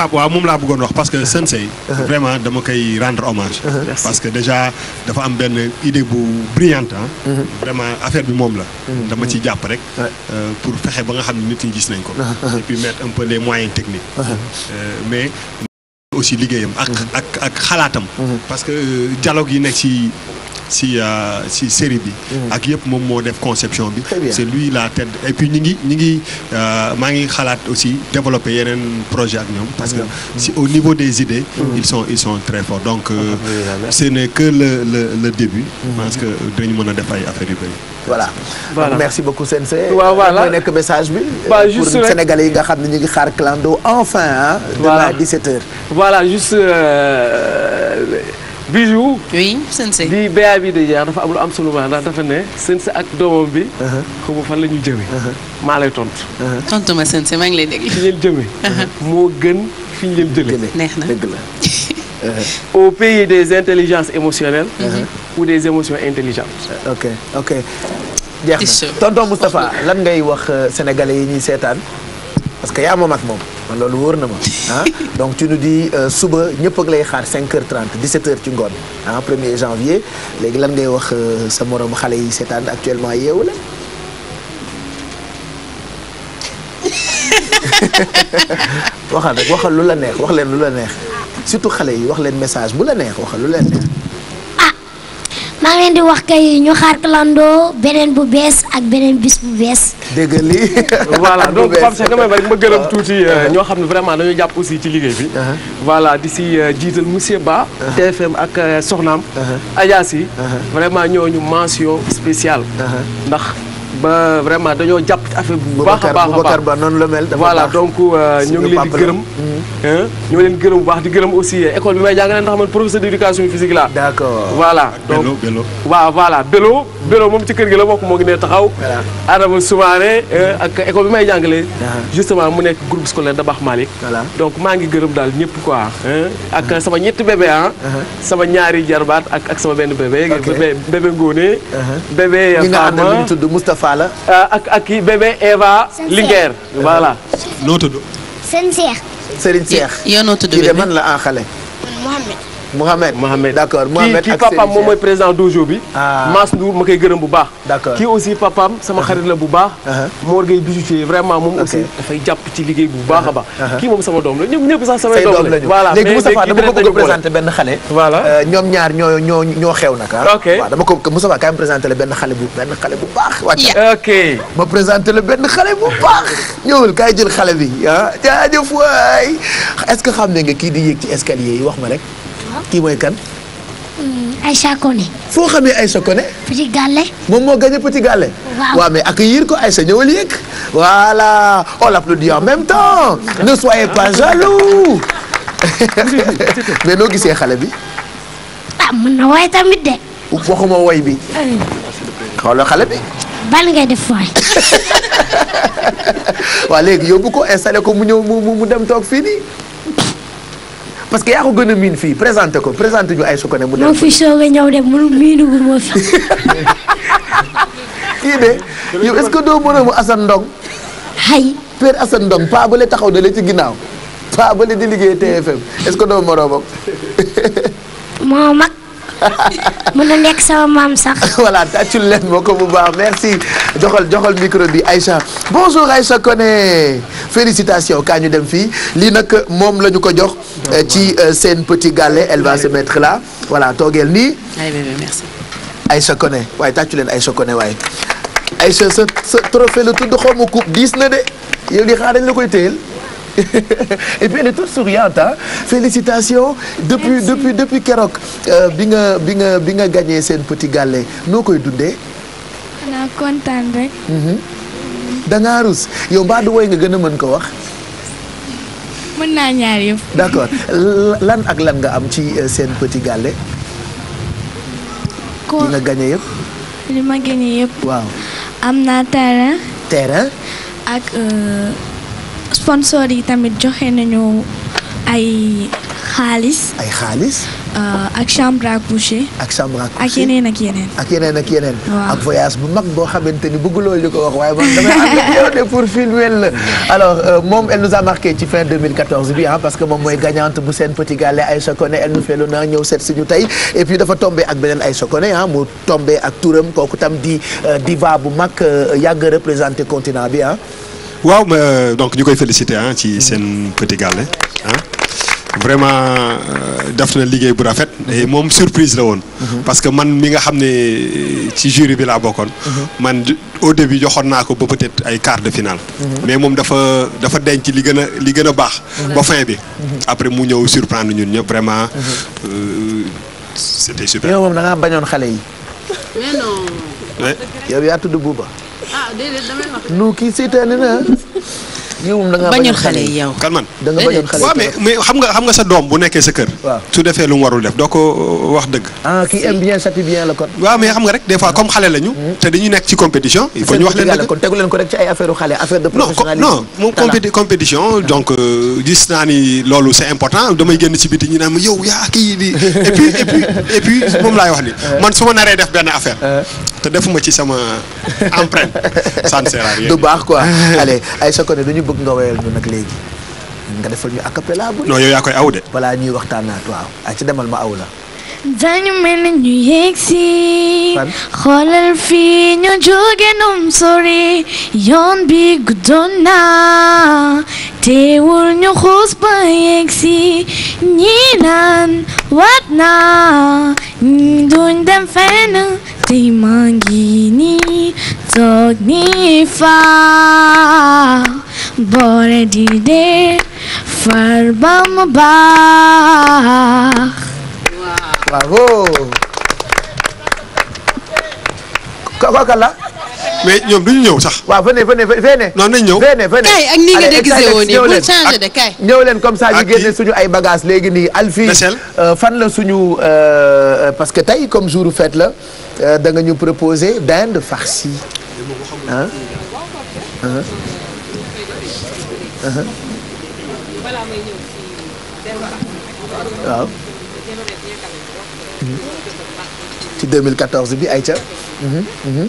Pape waaw moom laa bëggoon wax parce que Sensei uh-huh. vraiment dama koy rendre hommage uh-huh. parce que déjà dafa am benn idée bu brillante ah affaire bi moom la dama ciy jàpp rek euh, pour fexe ba nga xam ne nit ñi gis nañ ko et puis mettre un peu les moyens techniques euh, mais aussi liggéeyam ak ak ak xalaatam parce que euh, dialogue yi nekk ci si euh, si série bi. Mhm. ak yëpp moom moo def conception bi. c'est lui la tête et puis ñi ngi ñi ngi euh, maa ngi xalaat aussi développer yeneen projet ak ñoom. parce que mhm. Mhm. si au niveau des idées. ils sont très forts donc. Euh, ah, ce n'est que le début. parce que dinañ mën a def ay affaires yu bëri. voilà merci beaucoup Sensei. waaw voilà message bi. pour Sénégalais yi nga xam ne ñu ngi xaar clando enfin demain à 17h. bijou oui sensei di béyaa bi di jaar dafa am lu am solo ma ndax dafa ne sensei ak doomam bi uh-huh. xaw ma fan la ñu jëmee uh-huh. maa lay tontu uh-huh. tontu ma sensei maa ngi lay dégg fi ñu moo gën fi ñu leen jëlee neex na dëgg la au pays des intelligence émotionnelles ou des émotions intelligentes uh, ok ok jeex na tonton Moustapha lan ngay wax euh, sénégalais yi ñuy seetaan parce que yaa ma mag moom man loolu wóor na ma ah donc ci nu dis euh, suba ñëpp ak lay xaar 5 heures 30 17 heures ci ngoon ah 1er janvier léegi lan ngay wax euh, sa moroom xale yi seetaan actuellement yeewu la. waxal rek waxal lu la neex wax leen lu la neex surtout xale yi wax leen message bu la neex waxal lu la neex. maa ngi di wax kay ñu xaar Kalandoo beneen bu bees ak beneen bis bu bees. dégg nga lii. voilà donc Pape Cheikh damay bari ma gërëm tuuti euh, ñoo xam ne vraiment dañoo jàpp aussi ci liggéey bi. Uh-huh. voilà di si euh, jiital monsieur Ba. Uh-huh. TFM ak euh, Soxnaam. Uh-huh. Adja si. vraiment ñu mention spécial ndax. ba vraiment dañoo jàpp ci affaire bu baax a baax a baax noonu la mel voilà donc euh, ñu ngi leen di gërëm ñu ngi leen gërëm bu baax di gërëm aussi école bi may jàngale ndax la bokk moo ngi ne taxaw Adama Soumaré ak école bi may jàngale ah. justement mu nekk groupe scolaire da baax Malick donc maa ngi gërëm daal ñëpp quoi ak ah. sama ñetti bébé ah. ah sama ñaari jarbaat ak sama benn bébé bébé Ngóone bébé Fama Eva la. Euh, ak ak kii bébé Eva. Linguère voilà. noo tudd. sëñ Cheikh. Serigne Cheikh. noo tudd bébé kii de man la en Mohamed Mohamed d'accord Mohamed kii papaam moom mooy président dojo bi. Ah. Mass Ndour ma koy gërëm bu baax. d'accord kii aussi papaam sama xarit la bu baax. Uh-huh. Uh-huh. Mor Gueye bijoutier vraiment moom aussi dafay jàpp ci liggéey bu baax a baax. Uh-huh. kii moom sama doom la ñëpp ñëpp sax samay doom lañu. voilà mais léegi Moustapha dama ko bëgg a présenté benn xale. voilà euh, ñoom ñaar ñoo ñoo ñoo xew nag ah. ok waaw dama ko Moustapha kaay ma présenté la benn xale bu benn xale bu baax. wàcc ok ma présenté la benn xale bu baax. ñëwul kaay jël xale bi ah jaajëf waay est-ce que xam ne nga kii di yéeg ci escalier yi wax ma rek kii mooy kan. Hmm, Aïcha Koné. foo xamee Aïcha Koné. Petit Gallé. moom moo gagné Petit Gallé. waaw waaw mais accueillir ko Aïcha ñëwal yëg. voilà on l'applaudit en même temps. ne soyez pas jaloux. mais noo gisee xale bi. ah mën na woy tamit de. waxuma woy bi. xale bi. bal ngay def waay. waa léegi yóbbu ko installé ko mu ñëw mu dem toog fii parce que yaa ko gën a miin fii présenté ko présenté ñu ay su ko ne mu dem. moo fi soog ñëw de mu miinu gu moo fi. kii de yow est-ce que doo moromu Assane Ndong. hay Père Assane Ndong paa bële taxaw na la ci ginnaaw paa bële di liggéey TFM est que doo moroomam. moo mag. mën na nekk sama maam sax. voilà tàccul leen bu baax merci joxal joxal micro bi Aïcha bonjour Aïcha Koné félicitations kaa ñu dem fii lii nag moom lañu ko jox. Euh, ci euh, seen petit galet elle va se mettre là voilà toogeel nii. ay bébé waaye tàccu leen Aïcha Koné waaye Aïcha sa trophée la tudd xaw coupe diis na de yow li xaar dañ la koy téyel. et puis elle est toute depuis depuis depuis keroog euh, bi nga bi nga bi nga gañee seen petit gàllé noo koy dundee. xanaa kontaan rek. Mhm. da rus yow mbaa du woy nga gën a mën ko wax. mën naa ñaar yëpp. d'accord lan ak lan nga am ci euh, seen petit gàllé. ko li nga gagné yëpp. li ma gagné yëpp. waaw. am naa terrain. terrain. ak. Euh, sponsor yi tamit joxe nañu ay xaalis. ay xaalis. Euh, ak chambre à coucher. ak chambre à coucher ak yeneen ak yeneen. ak yeneen ak yeneen. voyage bu mag boo xamante ni bëgguloo ñu ko wax waaye man damay ànd yow de pour filmer la. alors euh, moom elle nous a marqué ci fin bi ah parce que moom mooy gagnante bu seen petit gallé Aïcha Koné elle nous fait ñëw set si ñu tey et puis dafa tombé ak beneen ay Koné ah mu tombé ak turam kooku tam di euh, diva bu mag yàgg représenté continent bi ah. waaw euh, donc ñu koy féliciter ah ci mm-hmm. seen petit gàlle vraiment euh, def na liggéey bu rafet et mm-hmm. moom surprise la woon mm-hmm. parce que man mi nga xam ne euh, ci jury bi laa bokkoon man au début joxoon naa ko ba peut ay quart de finale mais moom dafa dafa denc li gën a li gën a baax ba fin bi après mu ñëw surprendre ñun ñëpp vraiment c'était super yow moom da ngaa bañoon xale yi mais non yaa tudd Bouba nu kii seetaane na yow moom da ngaa bañoon xale yi kan man da nga bañoon xale yi waaw mais xam nga xam nga sa doom bu nekkee sa kër. su defee lu mu warul def doo ko euh, wax dëgg. ah qui aime bien châtie waaw mais xam nga rek des fois comme xale lañu. Hmm. te dañuy nekk ci compétition. il faut ñu wax leen dëgg kon tegu leen ko rek ci ay affaire xale affaire de compétition ah. donc euh, gis naa ni loolu c'est important damay génn si biti ñu naan yow yaa kii di et puis moom laay wax ni ah. man su ma naree def benn affaire. Ah. te defuma ci sama empreinte. ça ne du baax ko allez ay sokkone du ñu bëgg nga woyal ñu nag léegi nga defal ñu acapella bu. non yow yaa koy aw de. voilà ñuy waxtaanaat waaw ay ci demal ma aw la. dañu mel ñu yegg si. xoolal fii ñu jóge num sori yoon bi guddoon na teewul ñu xuus ba yegg si naan waat na duñ dem fenn. Ты gi zognifa Bore dide farbam bach Bravo! Kwa kwa kala? mais ñoom ñu ñëw sax. waaw venez venez venez. non nañ ñëw venez venez. kay ak nii nga déguisé woon nii pour changer de kay. ñëw leen comme ça ñu génne suñu ay bagages léegi nii. alfi euh, fan la suñu euh, parce que tey comme jour fête la euh, da nga ñu proposer dinde farcie ah. waaw. ci 2014 bi Aïcha. Mhm, mhm.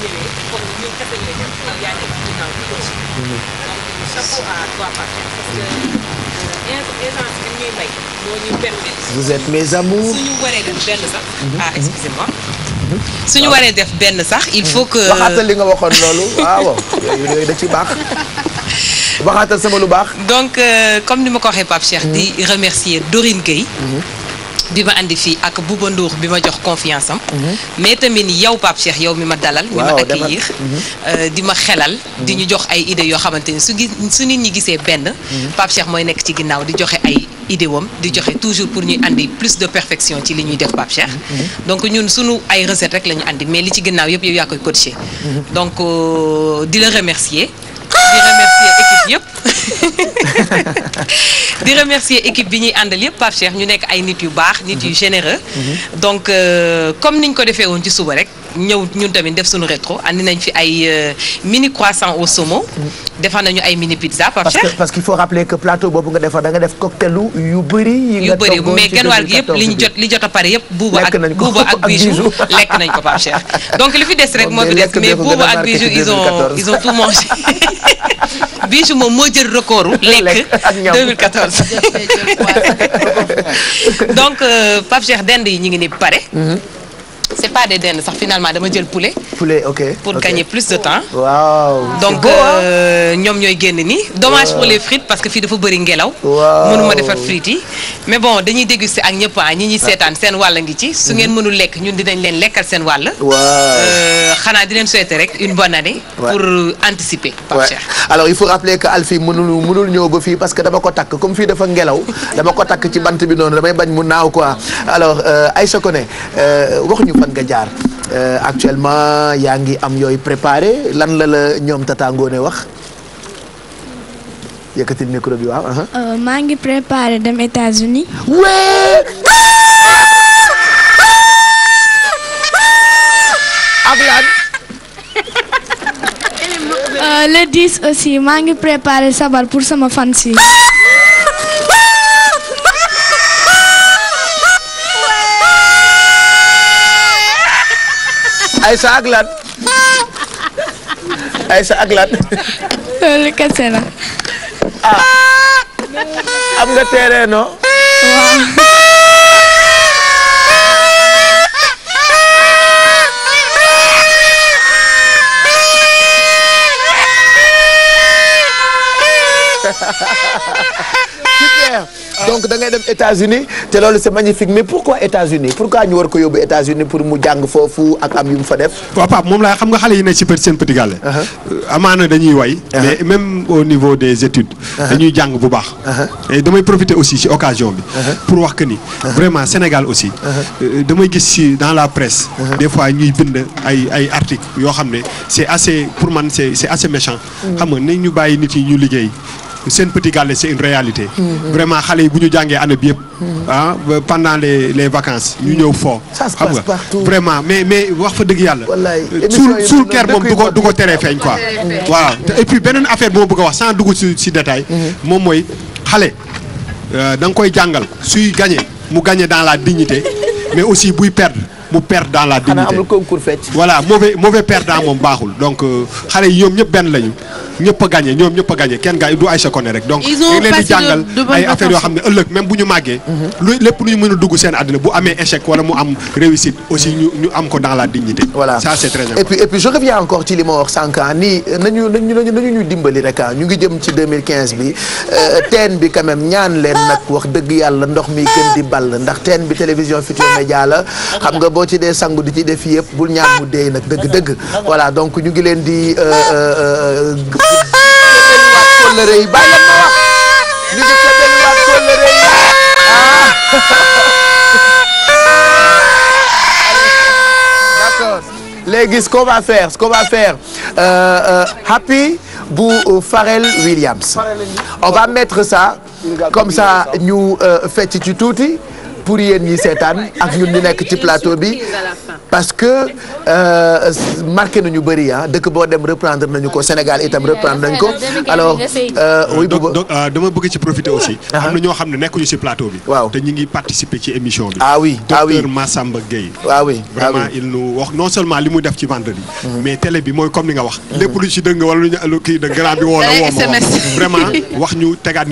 ñëwee comme ñun suñu waree def benn sax. Mhm. ah excusez mhm. ah. mhm. waxaatal li nga waxoon loolu waaw yooyu da ci baax. waxaatal sama lu baax. donc euh, comme ni ma ko waxee Pape Cheikh. di remercier dorin Gueye. bi ma indi fii ak Bouba Ndour bi ma jox confiance am. Mhm. mais tamit yow Pape Cheikh yow mi ma dalal. mi ma accueillir mhm. euh, di ma xelal. Mhm. di ñu jox ay idées yoo xamante ni su gi su nit ñi gisee benn. Pape Cheikh mooy nekk ci ginnaaw di joxe ay idées wam di joxe toujours pour ñuy andi plus de perfection ci li ñuy def Pape Cheikh. donc ñun sunu ay recettes rek la ñu andi mais li ci ginnaaw yëpp yow yaa koy coacher. donc euh, di la remercier. di di remercier équipe bi ñuy àndal yëpp Pape Cheikh ñu nekk ay nit yu baax nit yu mhm. généreux mhm. donc euh, comme niñ ko defee woon ci suba rek ñëw ñun tamit def suñu rétro andi nañ fi ay euh, mini croissant au saumon mhm. defar nañu ay mini pizza Pape Cheikh parce qu'il faut rappeler que plateau boobu nga defar da nga def cocktail yu bëri yu bëri mais genn gi yëpp li ñu jot li jot a pare yëpp buuba ak buuba ak lekk nañ ko Pape donc li fi des rek moo fi des mais buuba ak bijou ils moo jël recordu lekk Oustaz donc Pape Cheikh dend yi ñu ngi ni pare c' est pas des dents sax finalement dama jël poulet. poulet ok pour gagner plus de temps. waaw donc euh, ñoom ñooy génn ni dommage pour les frites parce que fii dafa bëri ngelaw. waaw mënuma defar frites mais bon dañuy déguster ak ñëpp ah ñi ñuy seetaan seen wàll ngi ci. su ngeen mhm. mënul lekk ñun dinañ leen lekkal seen wàll. waaw euh, xanaa di leen souhaiter rek une bonne année. pour euh, anticiper. Pape Cheikh alors il faut rappeler que Alfie mënul mënul ñëw ba fii parce que dama ko takk comme fii dafa ngelaw dama ko takk ci bant bi noonu damay bañ mu naaw quoi alors Aïcha Koné fan nga jaar euh, actuellement yaa ngi am yooyu préparé lan la la ñoom Tata Ngoné wax yëkkatil micro waaw. Euh, maa ngi préparé dem États-Unis. wee. ak ah! ah! ah! euh, le 10 aussi maa ngi préparé sabar pour sama fans yi. Aïssa ak lan Aïssa ak lan. loolu ah am nga terrain non. waaw. super donc da ngay dem États-Unis te loolu c'est magnifique mais pourquoi États-Unis pourquoi ñu war ko yóbbu États-Unis pour mu jàng foofu ak am yu mu fa def. waaw Pape moom laa xam nga xale yi ne ci seen Petit Galle. Uh-huh. amaana dañuy way. Uh-huh. mais même au niveau des études. Uh-huh. dañuy jàng bu baax. et damay profiter aussi ci occasion bi. pour wax que ni. vraiment Sénégal aussi. Euh, damay gis ci dans la presse. des fois ñuy bind ay ay articles yoo xam ne c'est assez pour man c'est assez méchant. Mm. xam nga nañ ñu bàyyi nit yi ñu liggéey. seen petit gàlle c'est une réalité. Mm-hmm. vraiment xale yi bu ñu jàngee année bi yëpp. Mm-hmm. ah pendant les vacances ñu ñëw foo. xam nga vraiment mais mais wax fa dëgg yàlla. Euh, suul suul ker moom du ko du teree feeñ quoi. Mm-hmm. waaw et puis beneen affaire moo bëgg a wax sans dugg si si détail. moom mooy xale euh, da nga koy jàngal suy gagné mu gagné dans la dignité mais aussi buy perdre. mu perdre dans la dignité xanaa amul concours fecc. voilà mauvais mauvais perdant moom baaxul donc euh, xale yi ñoom ñëpp benn lañu. ñëpp a gagné ñoom ñëpp a gagné kenn gars du Aïcha Koné rek donc dañ leen di jàngal ay affaires yoo xam ne ëllëg même bu ñu màggee mhm. lu lépp lu ñu mën a dugg seen àddina bu amee échec wala mu am réussite aussi ñu ñu am ko dans la dignité voilà ça c'est très important et puis et puis je reviens encore ci li ma wax sànq ah, nii euh, nañu nañu nañu ñu dimbali rek ah, ñu ngi jëm ci 2015 bi euh, teen bi quand même ñaan leen nag wax dëgg yàlla ndox mi gën di ball ndax teen bi télévision Futurs Médias la xam nga boo ci dee sangu di ci def yëpp bul ñaan mu deey nag dëgg dëgg voilà donc ñu ngi leen di euh, feddaliwaat kóllëre yi ce qu'on va faire ce qu'on va faire euh, euh, happy bu euh, Pharrell Williams on va mettre ça comme ça ñu euh, fecc tuuti pour yéen ñi seetaan ak ñun ñu nekk ci plateau bi parce que euh, marqué nañu bëri ah dëkk boo dem reprendre nañu ko Sénégal itam reprendre nañu ko alors. Euh, oui donc donc euh, dama bëgg ci profiter aussi. Ah ah. am na ñoo xam ne nekkuñu ci plateau bi. waaw te ñu ngi participer ci émission bi. ah oui ah oui docteur Massamba Gueye. ah oui ah vraiment il nous wax non seulement li mu def ci vendredi. Mhm. mais télé bi mooy comme ni nga wax. Mhm. lépp lu ci dëng wala lu ñu kii de grand bi woo na eh, woo ma wax ñu tegaat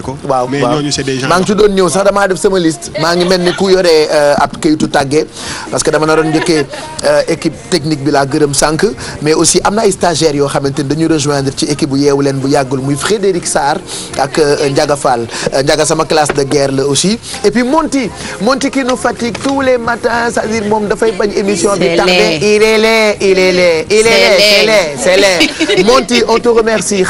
fàtte ko. waaw waaw mais ñooñu c'est des gens. maa ngi ci doon ñëw sax damaa def sama liste. maa ngi mel ni ku yore euh, ab kayitu tàggee parce que dama naroon njëkkee euh, équipe technique bi la gërëm sànq mais aussi am na ay stagiaires yoo xamante ni dañu rejoindre ci équipe bu yeewu leen bu yàggul muy Frédéric Sarr ak euh, Ndiaga Fall Ndiaga sama classe de guerre la aussi et puis Monty Monty qui nous fatigue tous les matins c'est-à-dire moom dafay bañ émission bi. tardé il est laid il est laid il est laid c'est laid Monty on te remercie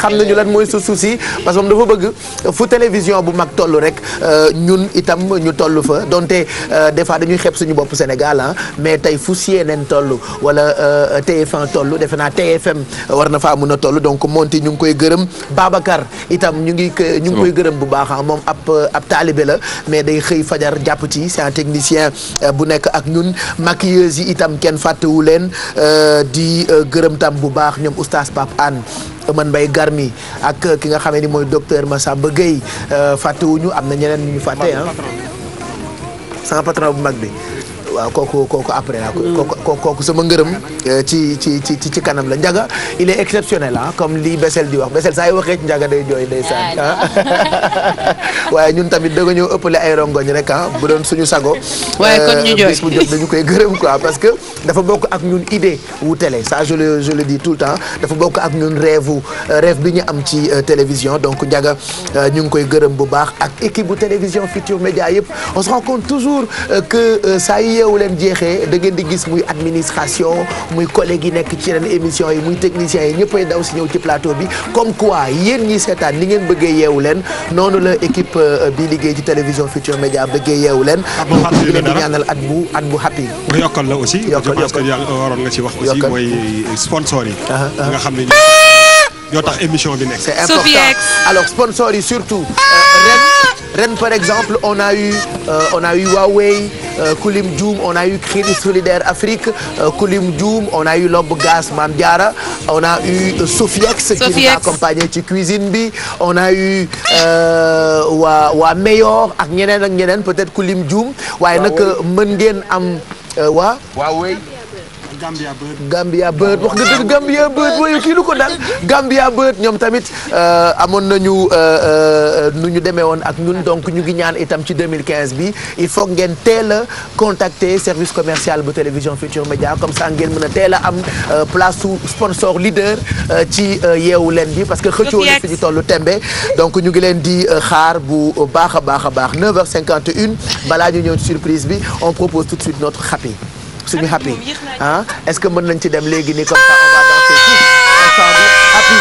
télévision bu mag toll rek euh, ñun itam ñu toll fa donte euh, des fois dañuy xeeb suñu bopp Sénégal ah, mais tey fu CNN toll wala euh, TF1 toll defe naa TFM war na faa mun a toll donc Monty ñu ngi koy gërëm Babacar itam ñu ngi ñu koy gërëm bu baax ah, moom ab ab taalibe la mais day xëy fajar jàpp ci c'est technicien bu nekk ak ñun maquilleuse yi itam kenn fàttewu leen di gërëm tam bu baax ñoom oustaz Pape Anne Eumane Mbaye Garmi ak euh, ki nga xam ni mooy docteur Massamba Gueye euh, ñu am na ñeneen ñu ñu fàtte ah. sama patron bu mag bi. waaw kooku kooku après la kooku kooku sama ngërëm euh, ci ci ci ci kanam la Ndiaga il est exceptionnel ah comme li Bessel di wax Bessel saa yu waxee ci Ndiaga day jooy day saan waaye ñun tamit da nga ñëw ëppale ay rongoñ rek ah bu doon suñu sago waaye kon ñu euh, jooy bis bu jot dañu koy parce que dafa bokk ak ñun idée wu télé ça je le je le dis tout bokk ak ñun rêve wu euh, bi ñu am ci télévision donc Ndiaga ñu ngi koy gërëm bu baax ak équipe bu télévision Futurs Médias yëpp on se rend toujours que saa yi yeewu leen jeexee da ngeen di gis muy administration muy collègue yi nekk ci yeneen émission yi muy techniciens yi ñëppay daw si ñëw ci plateau bi comme quoi yéen ñi seetaan ni ngeen bëggee yeewu leen noonu la équipe euh, bi liggéey ci télévision Futur Média bëggee yeewu leen. Ah, di leen di ñaanal at bu at bu happy. yokkal la aussi. yokkal yokkal je pense que yàlla waroon nga ci wax. aussi mooy sponsor yi. Ah, ah. nga xam ne ñoo tax émission bi nekk. c'est important alors sponsors yi surtout. Euh, ren par exemple on a eu euh, on a eu Huawei euh, Kulim Dioum on a eu Crédit Solidaire Afrique Kulim Dioum on a eu Lobb Gas Mam Diara on a eu Sofiex. qui nous accompagné ci cuisine bi on a eu waa waa Mayor ak ñeneen ak ñeneen peut-être Kulim Dioum. waaye nag mën ngeen am waa. Huawei. Gambia Bird. Gambia Bird wax nga dëgg Gambia Bird waaye kii ko dal Gambia Bird ñoom tamit euh, amoon nañu euh, euh, nu ñu demee woon ak ñun donc ñu ngi ñaan itam ci 2015 bi il faut ngeen teel a contacter service commercial bu télévision Futur Média comme ça ngeen mën a teel a am place su sponsor leader ci yeewu leen bi parce que xëccoo na fi ñu tollu tembe donc ñu ngi leen di xaar bu baax a baax a baax 9 cinquante une balaa ñu ñëw surprise bi on propose tout de suite notre happy. suñu happy ah est-ce que mën nañ ci dem léegi nii comme ça on va danser ci happy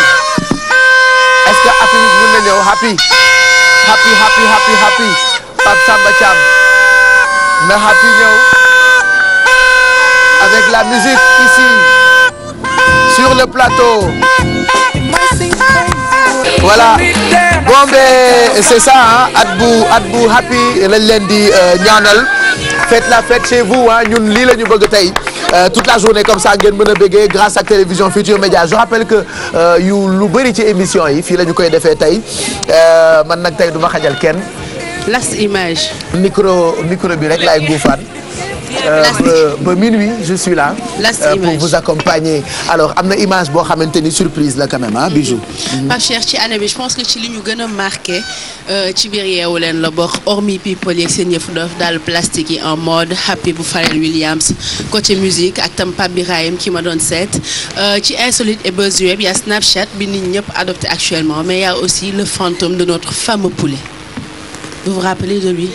est que a mën na ñëw happy happy happy happy happy Pape Samba Thiam na happy ñëw avec la musique ici sur le plateau voilà bon ben c'est ça ah at bu happy lañ leen di euh, ñaanal. faites la fête chez vous ah ñun lii la ñu bëgg tey euh, toute la journée comme ça ngeen mën a béggee grâce ak télévision Futur Média je rappelle que euh, yu lu bëri ci émission yi fii la ñu koy defee tey euh, man nag tey du ma xajal kenn. las image. micro micro bi rek laay guufaan. Euh, euh, ba minuit je a là. Euh, pour vous accompagner alors am na image boo xamante ni surprise la quand même mm-hmm. ah cher ci année bi je pense que ci li ñu gën a marqué euh, ci biir yeewu leen la bokk hormis people yeeg seen yëfu dof daal plastique yi en mode bu Pharrell Williams côté musique ak tam Pape Birahim ma doon seet ci insolite et buzz web bi nit ñëpp adopté actuellement mais y' aussi le fantôme de notre fameux poulet vous vous rappelez de lui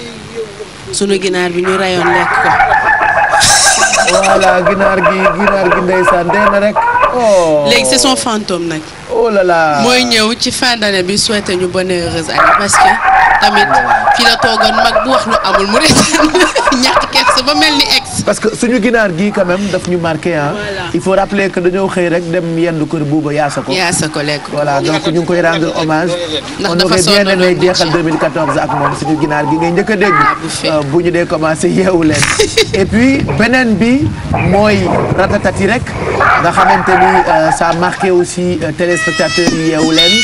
sunu ginaar bi ñu rayoon lekk ko. voilà ginaar gi ginaar gi ndeysaan dee rek. Oh. léegi c'est son fantôme nag. oh là mooy ñëw ci fin d'année bi souhaité ñu bonne heureuse année parce tamit fi la toogoon mag bu wax lu amul mu reetaan ñàkk kersa ba mel ni egg parce que suñu ginaar gii quand même daf ñu marqué ah. il faut rappeler que dañoo xëy rek dem yendu kër buuba yaasa ko. yaasa ko lekk voilà donc ñu ngi koy rendre hommage. on aurait bien aimé jeexal 2014 ah, ak moom suñu ginaar gi ngay njëkk a dégg. Ah, euh, bu ñu dee commencé yeewu leen. et puis beneen bi mooy ratatati rek nga xamante ni euh, ça a marqué aussi euh, téléspectateurs yi yeewu leen.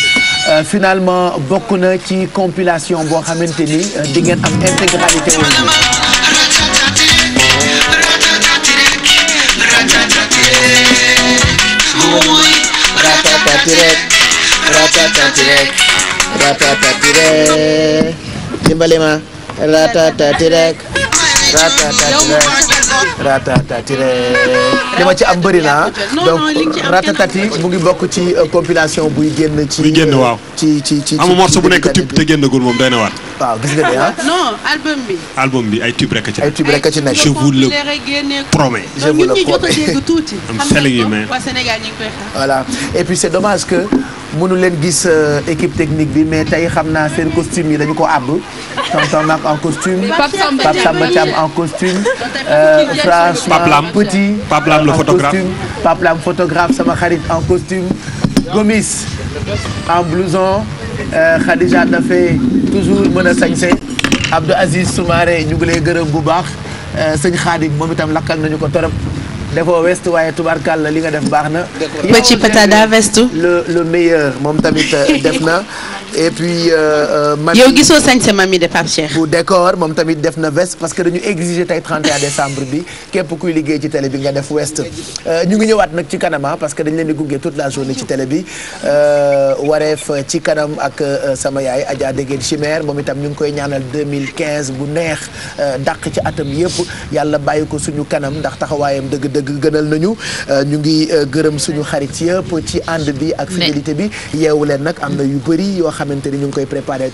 Euh, finalement bokk na ci compilation boo xamante ni di ngeen am intégralité wu ratatatirek ratatatirek ratatatirek dimbali ma ratatatirek ratatatirek ratatati ci am bëri na donc ratatati mu ngi bokk ci euh, compilation buy génn. ci waaw euh, ci ci ci. am morceau bu nekk tube te génnagul moom doy ah. album bi. ay tube rek ci. ay tube rek a ci nekk je vous le promets. je vous le promets. am selling yi mais. voilà et puis c'est mënu leen gis euh, équipe technique bi mais tey xam naa seen costume yi dañu ko àbb tonton Mac en costume Pape Samba Thiam en costume euh, franchement petit Pape Lam le photographe Pape Lam photographe sama xarit en costume Gomis en blouson euh, Khadija Dafé toujours mën a sañse Abdou Aziz Soumaré ñu ngi lay gërëm bu baax sëñ Khadim moom itam lakkal nañu ko torop defoo west waaye tubaarkàlla li nga def baax na. dëgg la ci patata vestu. le le meilleur moom tamit euh, def na. et puis. Euh, euh, mami yow gisoo sañse mami de Pape Cheikh. bu décor moom tamit def na veste parce que dañu exiger tey 31 décembre bi képp kuy liggéey ci télé bi nga def west euh, ñu ngi ñëwaat nag ci kanama ah, parce que dañ leen di gunge toute la journée ci télé bi wareef ci kanam ak sama yaay Adja Degen Chimère moom itam ñu ngi koy ñaanal 2015 bu neex dàq ci atam yëpp yàlla bàyyi ko suñu kanam ndax taxawaayam dëgg-dëgg gënal nañu ñu ngi gërëm suñu xarit yëpp ci ànd bi ak fidélité bi yeewu nag am yu bëri yoo xamante ni ñu ngi koy préparé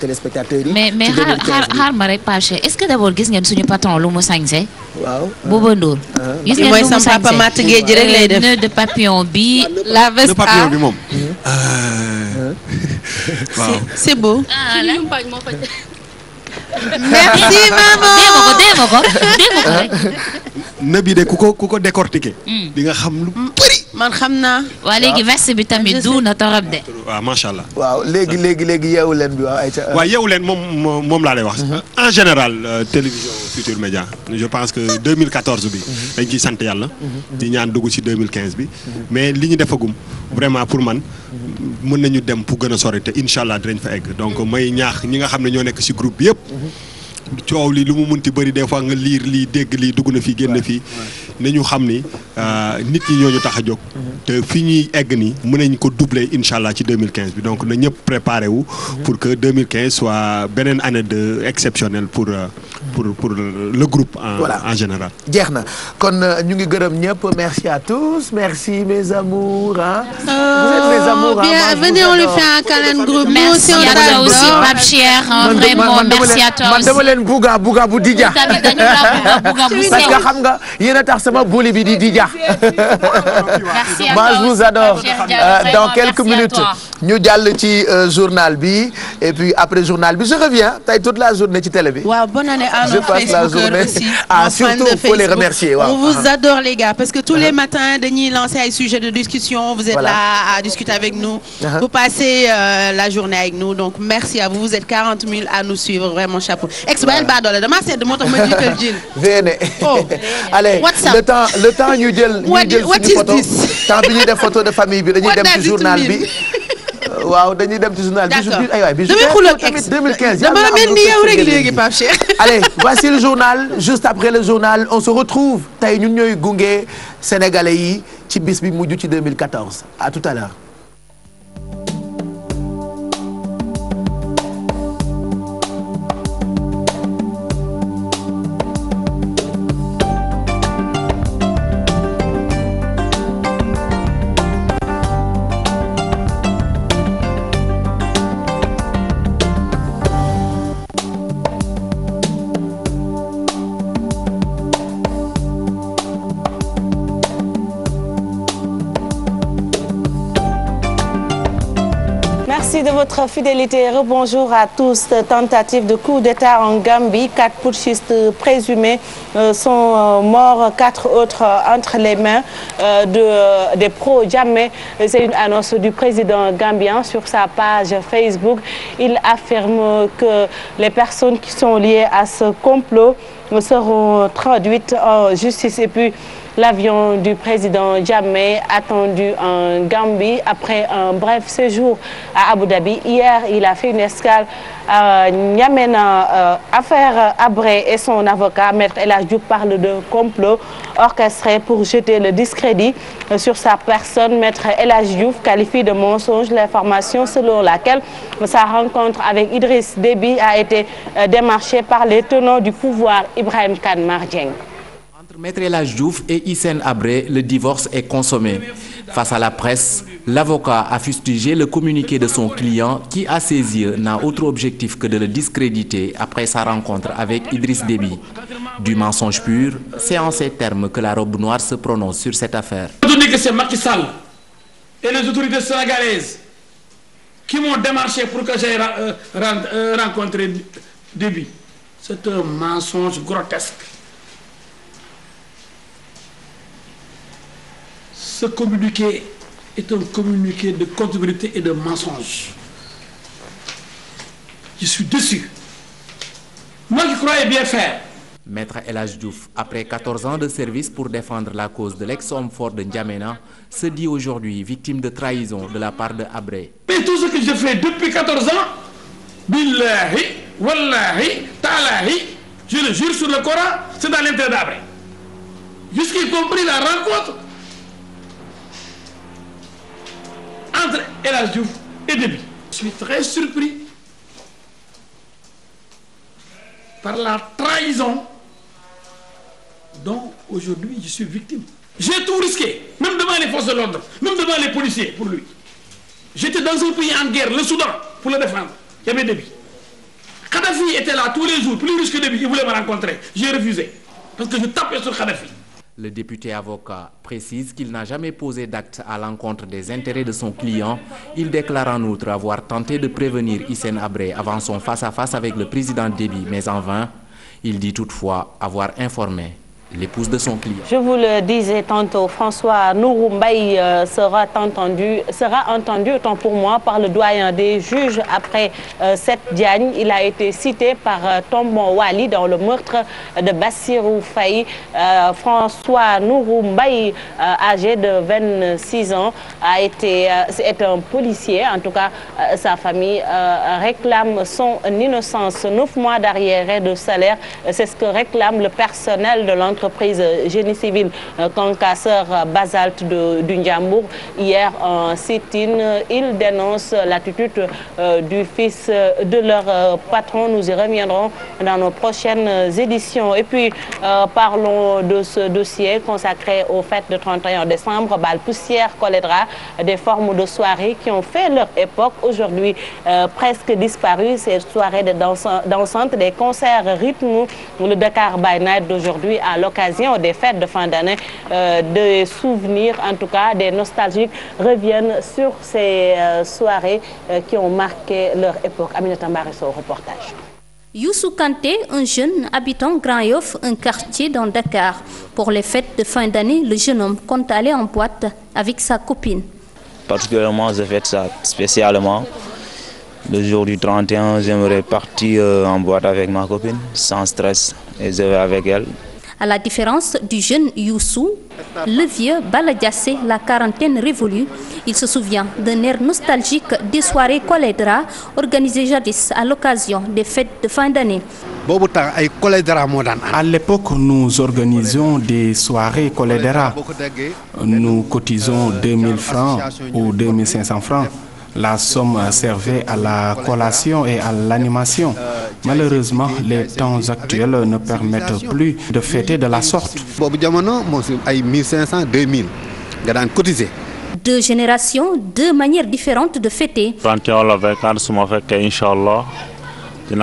mais xaar xaar ma rek Pache est ce que d' gis ngeen suñu patron lu mu sañse. waaw Bouba ah, ah. gis ngeen lu mu sañse papa Matt Gueye ji rek lay euh, def de papillon bi. Ah, la veste bi moom. Hmm. waaw c'est beau. merci maman déema ko déema ko ko nëb yi de ku ko décortiquer. Hmm. di xam lu. Hmm. man xam naa. waaw léegi verset bi tamit du na torop de. waaw macha allah. waaw léegi euh, léegi léegi yeewu leen bi waaw ayca. yeewu leen moom moom laa lay wax. Mhm. Euh, en général euh, télévision Futurs Médias je pense que 2014 bi. Mhm. dañ ciy sant yàlla. Mhm. di ñaan dugg ci 2015 bi. mais li ñu defagum. vraiment pour man. mën nañu dem pour gën a sori te incha allah di dinañ fa egg donc mooy ñaax ñi nga xam ne ñoo nekk ci groupe bi yëpp. coow li lu mu munti bëri des fois nga liir lii dégg lii dugg na fii génn fii. nañu xam ni euh, nit ñi ñoo tax a jóg. te fi ñuy egg ni mu ne ñu ko duble incha allah ci 2015 bi donc na ñëpp préparé wu. pour que 2015 soit beneen année de exceptionnelle pour euh, pour pour le groupe. en voilà. en général. jeex na kon euh, ñu ngi gërëm ñëpp merci à tous merci mes amours ah. vous êtes oh, mes amours ah. man dama leen man dama bu Dija. tamit xam nga yéen a tax. sama boli bi di di jax. je vous adore. Euh, dans quelques minutes. ñu jàll ci euh, journal bi et puis après journal bi je reviens toute la journée ci télé bi. on vous ah. adore les gars parce que tous les ah. matins dañuy lancer ay sujets de discussion. vous êtes là à discuter avec nous. Ah. vous passez euh, la journée avec nous donc merci à vous vous êtes 40 000 à nous suivre vraiment chapeau. ex ba el ba doole damaa sedd moo tax ma jiital oh allez le temps le temps ñu jël. ñu jël suñu photo temps bi ñuy def dem ci journal bi. waaw dañuy dem ci journal. d' accord ay waay bi damay xuloo ak ex 2015 dama la mel ni yow rek léegi Pape Cheikh. allez voici le journal juste après le journal on se retrouve tey ñun ñooy gunge sénégalais yi ci bis bi mujj ci 2014 à tout à l'heure votre fidélité, rebonjour à tous. Tentative de coup d'État en Gambie, quatre putschistes présumés euh, sont euh, morts, quatre autres entre les mains euh, de, des pro-Djamé. C'est une annonce du président gambien sur sa page Facebook. que les personnes à ce complot seront traduites en L'avion du président Jammeh attendu en Gambie après un bref séjour à Abu Dhabi. Hier, il a fait une escale à N'Djamena. Affaire euh, Habré euh, et son avocat, Maître El Hadj Diouf, parle de complot orchestré pour jeter le discrédit euh, sur sa personne. Maître El Hadj Diouf qualifie de mensonge l'information selon laquelle sa rencontre avec Idriss Déby a été démarchée par les tenants du pouvoir Ibrahim Khan Mardien. Maître la Hadji et Hissène Habré, le divorce est consommé. Face à la presse, l'avocat a fustigé le communiqué de son client qui, à ses n'a autre objectif que de le discréditer après sa rencontre avec Idriss Déby. Du mensonge pur, c'est en ces termes que la robe noire se prononce sur cette affaire. qui m'ont démarché pour que j'aille euh, euh, rencontré Déby, c'est un mensonge grotesque. ce communiqué est un communiqué de comptabilité et de mensonge je suis déçu moi qui croyais bien faire Maître El après 14 ans de service pour défendre la cause de l'ex-homme fort de N'Djamena se dit aujourd'hui victime de trahison de la part de Habré mais tout ce que je fais depuis 14 ans billahi wallahi taalahi je le jure sur le Coran c'est dans l'intérêt d'Habré jusqu'y compris la rencontre entre El Hadj Diouf et Déby. Je suis très surpris par la trahison dont aujourd'hui je suis victime. J'ai tout risqué, même devant les forces de l'ordre, même devant les policiers pour lui. J'étais dans un pays en guerre, le Soudan, pour le défendre. Il y avait était là tous les jours, plus riche que Déby, il me rencontrer. J'ai refusé parce que je tapais sur Kadhafi. Le député avocat précise qu'il n'a jamais posé d'acte à l'encontre des intérêts de son client. Il déclare en outre avoir tenté de prévenir Hissène Habré avant son face-à-face -face avec le président Déby, mais en vain. Il dit toutefois avoir informé l'épouse de son client. Je vous le disais tantôt, François Nouroumbaï euh, sera entendu, sera pour moi par le doyen des juges après euh, cette diagne. Il par euh, Tombon Wali dans le meurtre de Bassirou euh, euh, de 26 ans, a été, est un policier. tout cas, sa famille réclame son innocence. Neuf mois d'arriérés de salaire, c'est ce que le personnel de l'entreprise euh, génie civil euh, concasseur euh, basalte de, du Ndiambour. Hier, en sit-in, ils dénoncent l'attitude du fils de leur patron. Nous y reviendrons dans nos prochaines éditions. Et puis, parlons de ce dossier consacré au fait de 31 décembre. Bal poussière, choléra, des formes de soirées qui ont fait leur époque. Aujourd'hui, presque disparues, ces soirées de dansantes, des concerts rythmes. Le Dakar by d'aujourd'hui, l'occasion des fêtes de euh, souvenirs, en tout cas des nostalgiques, reviennent sur ces euh, soirées euh, qui ont marqué leur époque. Aminata Marisso, reportage. Youssou Kanté, un jeune habitant Grand un quartier dans Dakar. Pour les fêtes de fin d'année, le jeune homme compte aller en boîte avec sa copine. Particulièrement, j'aimerais partir euh, en boîte avec ma copine, sans stress, et je vais avec elle. À la différence du jeune Youssou, le vieux Baladiassé, la quarantaine révolue, il se souvient d'un air nostalgique des soirées Koledra organisées jadis à l'occasion des fêtes de fin d'année. À l'époque, nous organisions des soirées Koledra. Nous cotisons 2000 francs ou 2500 francs. La somme servait à la collation et à l'animation. Malheureusement, les temps actuels ne permettent plus de fêter de la sorte. boobu jamono moom si ay 1500 2000 nga daan cotiser. deux générations deux manières différentes de fêter.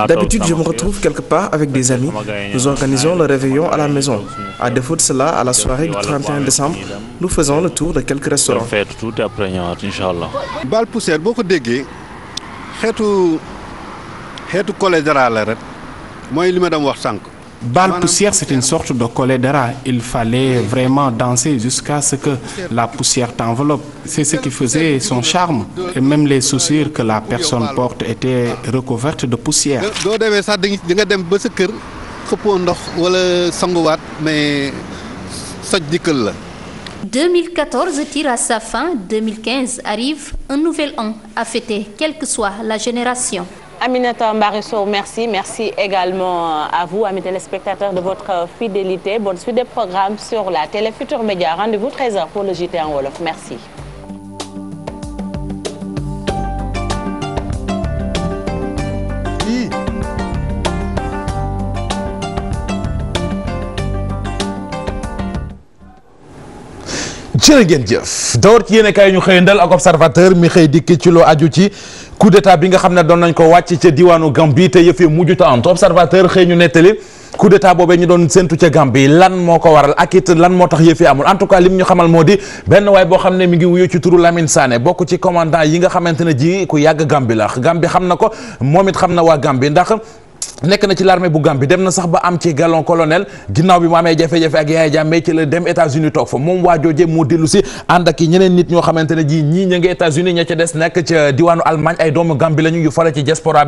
D'habitude, je me retrouve quelque part avec des amis. Nous organisons le réveillon à la maison. À défaut de cela, à la soirée du décembre, nous faisons le tour de quelques restaurants. bal poussière boo ko déggee xeetu dara la rek mooy li ma dem wax sànq. Bal poussière, c'est une sorte de cholédéra. Il fallait vraiment danser jusqu'à ce que la poussière t'enveloppe. C'est ce qui faisait son charme. Et même les chaussures que la personne porte étaient recouvertes de poussière. doo demee sax di nga dem ba sa kër xëppoo ndox wala sanguwaat mais soj dikkal la. 2014 tire à sa fin, 2015 arrive, un nouvel an à fêter, quelle que soit la génération. Aminata Mbarisso, merci. Merci également euh, à vous, amis téléspectateurs, de votre euh, fidélité. Bonne suite des programmes sur la Télé Futur Média. Rendez-vous 13h pour le JT en Wolof. Merci. jërë ngeen jëf door ci yéen kaay ñu xëyandal ak observateur mi xëy dikk ci loo aju ci coup bi nga xam ne doon nañ ko wàcc ca diwaanu Gambie te yëf yi mujj ta am observateur xëy ñu nettali coup d'état boobee ñu doon séntu ca Gambie lan moo ko waral ak it lan moo tax yëf yi amul en tout cas ñu xamal moo di benn waay boo xam ne mi ngi wuyu ci turu Lamine Sané bokk ci commandant yi nga xamante ne ji ku yàgg Gambie la Gambie xam na ko moom it xam na waa nekk na ci l'armée bu Gambie dem na sax ba am ci galon colonel ginnaaw bi mu amee jafe-jafe ak Yaya Jammeh ci la dem États-Unis toog fa moom waa jooje moo dellu si ànd ak ñeneen nit ñoo xamante ne ji ñii ña ngi États-Unis ña ca des nekk ca diwaanu Allemagne ay doomu Gambie lañu yu fare ci diaspora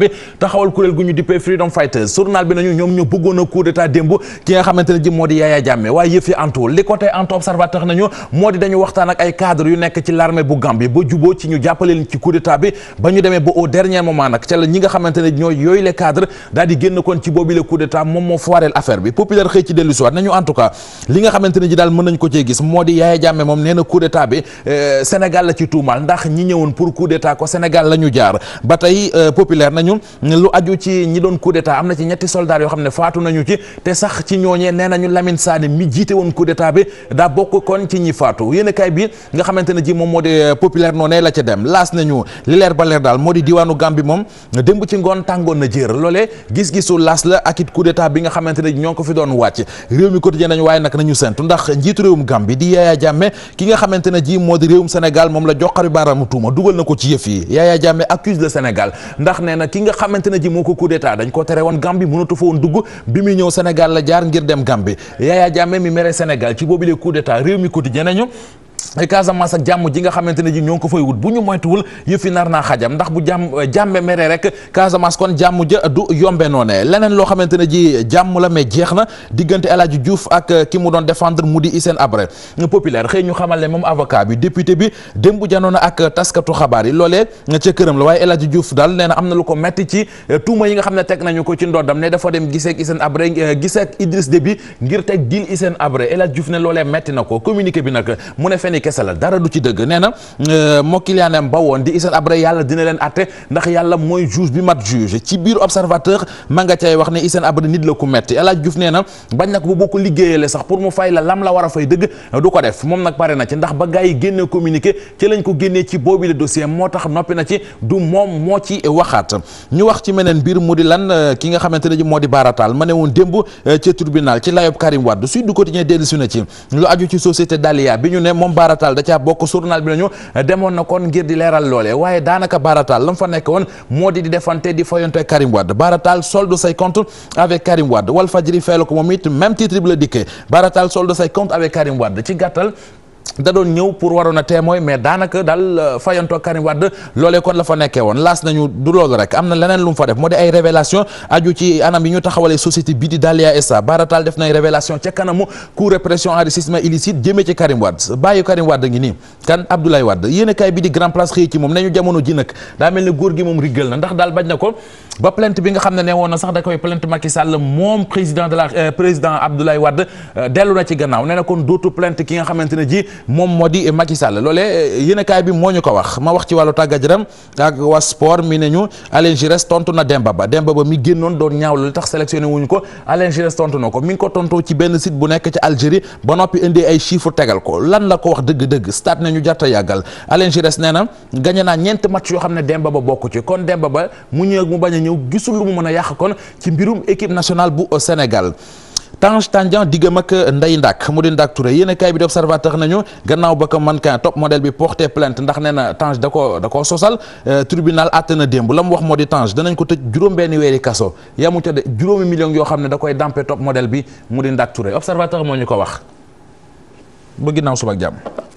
ne ji moo di Yaya Jammeh waaye yëf yi antu li côté antu observateur nañu moo di dañu waxtaan ak ay cadre yu nekk ci l'armée bu Gambie ba juboo ci ñu jàppaleen ci coup bi ba ñu demee ba au dernier moment nag ca ñi nga xamante ne ñooy yooyu les di génn kon ci boobu le coup d'état moom moo foireel affaire bi populaire xëy ci dellu siwaat nañu en li nga xamante ne ji daal mën nañ ko cee gis moo di Yaya Jammeh moom nee na coup d'état bi euh, Sénégal la ci tuumaal ndax ñi ñëwoon pour coup d'état ko Sénégal la ñu jaar ba tey euh, populaire nañu lu aju ci ñi doon coup d'état am na ci ñetti soldats yoo xam ne faatu nañu ci te sax ci ñooñee nee nañu Lamine Sané mi jiite woon coup d'état bi daa bokk kon ci ñi faatu yéen kay bi nga xamante ne ji moom moo di euh, populaire noonee la ca dem laas nañu li leer ba leer daal moo di diwaanu Gambie moom démb ngoon tàngoon na jër gis-gisu las la ak it coup d'état bi nga xamante ne ñoo ngi ko fi doon wàcc réew mi quotidien nañu waaye nag nañu sentu ndax njiitu réewum Gambie di Yaya Jammeh ki nga xamante ne ji moo di réewum Sénégal moom la joxari baaraamu tuuma dugal na ko ci yëf yi Yaya Jammeh accuse le Sénégal ndax nee na ki nga xamante ne ji moo ko coup d'état dañ ko tere woon Gambie mënatu fa woon dugg bi muy ñëw Sénégal la jaar ngir dem Gambie Yaya Jammeh mi mere Sénégal ci boobu le coup d'état réew mi quotidien nañu Casamance ak jàmm ji nga xamante ne ji ñoo ngi ko fay wut bu ñu moytuwul yëfi naa xajam ndax bu jàmm eh, jàmbe mere rek Casamance kon jàmm ja du yombe noone leneen loo xamante ne ji jàmm la mais jeex na diggante la Hadji Diouf ak eh, ki mu doon défendre mu di Hissène Habré populaire xëy ñu xamal ne moom avocat bi député bi démb janoon na ak taskatu xabaar yi loolee eh, ca këram la waaye El Hadji daal nee na am na lu ko metti ci tuuma yi nga xam ne teg nañu ko ci ndoddam ne dafa dem giseek Hissène Habré giseek Idriss Déby na ko bi nag fenni kese la dara du ci dëgg nee na euh, moo kiliyaanam ba woon di Hissène Habré yàlla dina leen atte ndax yàlla mooy juge bi mat juge ci biir observateur ma nga cay wax ne Hissène Habré nit la ku metti El Hadj Diouf nee bañ nag bu boo ko liggéeyale sax pour mu fay la lam la war a fay dëgg du ko def moom nag pare na ci ndax ba gars génne communiqué ci ko génnee ci boobi le dossier moo tax noppi na ci du moom moo ci waxaat ñu wax ci meneen mbir mu di lan euh, ki nga ne ji moo di baarataal baarataal da caa bokk journal bi nañu demoon na kon ngir di leeral loolee waaye daanaka baarataal la fa nekk woon moo di di defante di Karim Wade baarataal solde say avec Karim Wade Walfadjri feelu ko moom it même titre bi la dikkee baarataal solde say avec Karim Wade ci gàttal da doon ñëw pour waroon a témoin mais daanaka daal euh, fayanto Karim Wade loolee kon la fa nekkee woon laas nañu du loolu rek am na leneen lu mu fa def moo di ay révélation aju ci anam yi ñu taxawalee société bi di Dalia SA Baratal def na ay révélation ca kanamu cour répression enrichissement illicite jëmee ci Karim Wade bàyyi Karim Wade ngi nii kan Abdoulaye Wade yéen bi di grand place xëy ci moom nañu jamono ji nag daa mel ne góor gi moom riggal na ndax daal bañ na ko ba plainte bi nga xam ne ne woon na sax da koy plainte Macky Sall moom président la euh, président euh, dellu na ci gannaaw nee kon dootu plainte ki nga xamante ne ji moom moo di Macky Sall loolee euh, yéenekaay bi moo ñu ko wax ma wax ci wàllu tàggat yaram ak waa sport mi ne ñu Alain Giresse tontu na Demba Ba Demba Ba mi génnoon doon ñaaw loolu tax sélectionné wuñu ko Alain Giresse tontu na ko mi ngi ko tontoo ci benn site bu nekk ci Algérie ba noppi indi ay chiffres tegal ko lan la ko wax dëgg-dëgg stade na ñu jarta yàggal Alain Giresse nee na gagné naa ñeenti match yoo xam ne Demba Ba bokku ci kon Demba Ba ñëw gisul lu mu mën a yàq kon ci mbirum équipe nationale bu euh, Sénégal Tange Tandian diggam ak euh, ndey Ndack mu di Ndack Touré yéen a kaay bi di observateur nañu gannaaw ba ko man kan top modèle bi porté plainte ndax nee na Tange da koo da koo sosal euh, tribunal àtte na démb la mu wax moo di Tange danañ ko tëj juróom-benni weeri kaso yamu ca de juróomi million yoo xam ne da koy dampe top modèle bi mu di Ndack Touré observateur moo ñu ko wax ba ginnaaw suba jàmm.